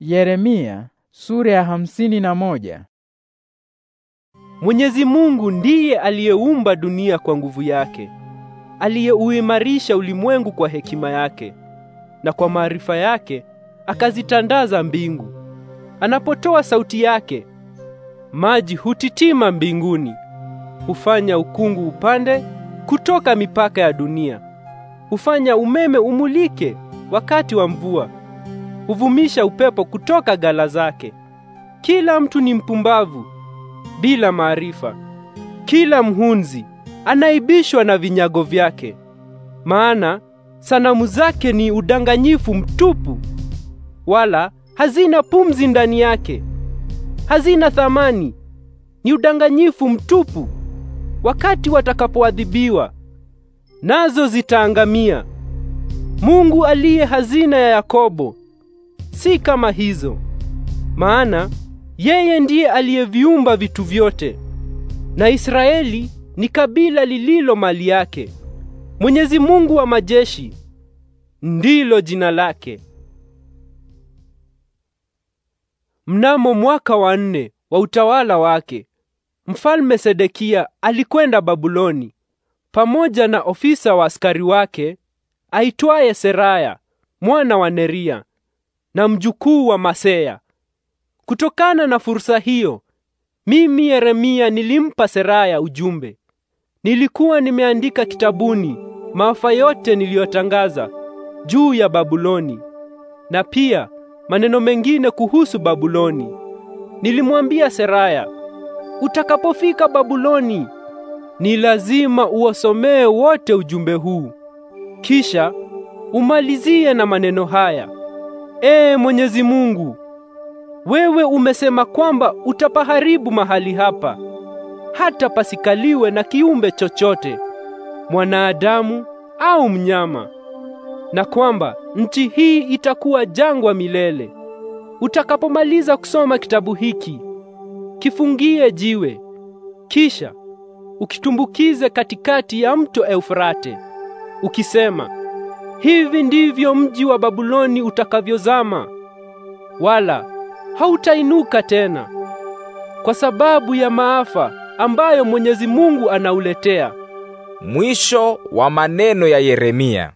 Yeremia sura ya hamsini na moja. Mwenyezi Mungu ndiye aliyeumba dunia kwa nguvu yake, aliyeuimarisha ulimwengu kwa hekima yake, na kwa maarifa yake akazitandaza mbingu. Anapotoa sauti yake, maji hutitima mbinguni. Hufanya ukungu upande kutoka mipaka ya dunia. Hufanya umeme umulike wakati wa mvua huvumisha upepo kutoka gala zake. Kila mtu ni mpumbavu bila maarifa, kila mhunzi anaibishwa na vinyago vyake, maana sanamu zake ni udanganyifu mtupu, wala hazina pumzi ndani yake, hazina thamani, ni udanganyifu mtupu. Wakati watakapoadhibiwa, nazo zitaangamia. Mungu aliye hazina ya Yakobo si kama hizo. Maana yeye ndiye aliyeviumba vitu vyote, na Israeli ni kabila lililo mali yake. Mwenyezi Mungu wa majeshi ndilo jina lake. Mnamo mwaka wa nne wa utawala wake, Mfalme Sedekia alikwenda Babuloni pamoja na ofisa wa askari wake aitwaye Seraya mwana wa Neria na mjukuu wa Masea. Kutokana na fursa hiyo, mimi Yeremia nilimpa Seraya ujumbe. Nilikuwa nimeandika kitabuni maafa yote niliyotangaza juu ya Babuloni na pia maneno mengine kuhusu Babuloni. Nilimwambia Seraya, utakapofika Babuloni ni lazima uwasomee wote ujumbe huu, kisha umalizie na maneno haya: Ee Mwenyezi Mungu, wewe umesema kwamba utapaharibu mahali hapa hata pasikaliwe na kiumbe chochote, mwanadamu au mnyama, na kwamba nchi hii itakuwa jangwa milele. Utakapomaliza kusoma kitabu hiki, kifungie jiwe, kisha ukitumbukize katikati ya mto Eufrate ukisema Hivi ndivyo mji wa Babuloni utakavyozama, wala hautainuka tena, kwa sababu ya maafa ambayo Mwenyezi Mungu anauletea. Mwisho wa maneno ya Yeremia.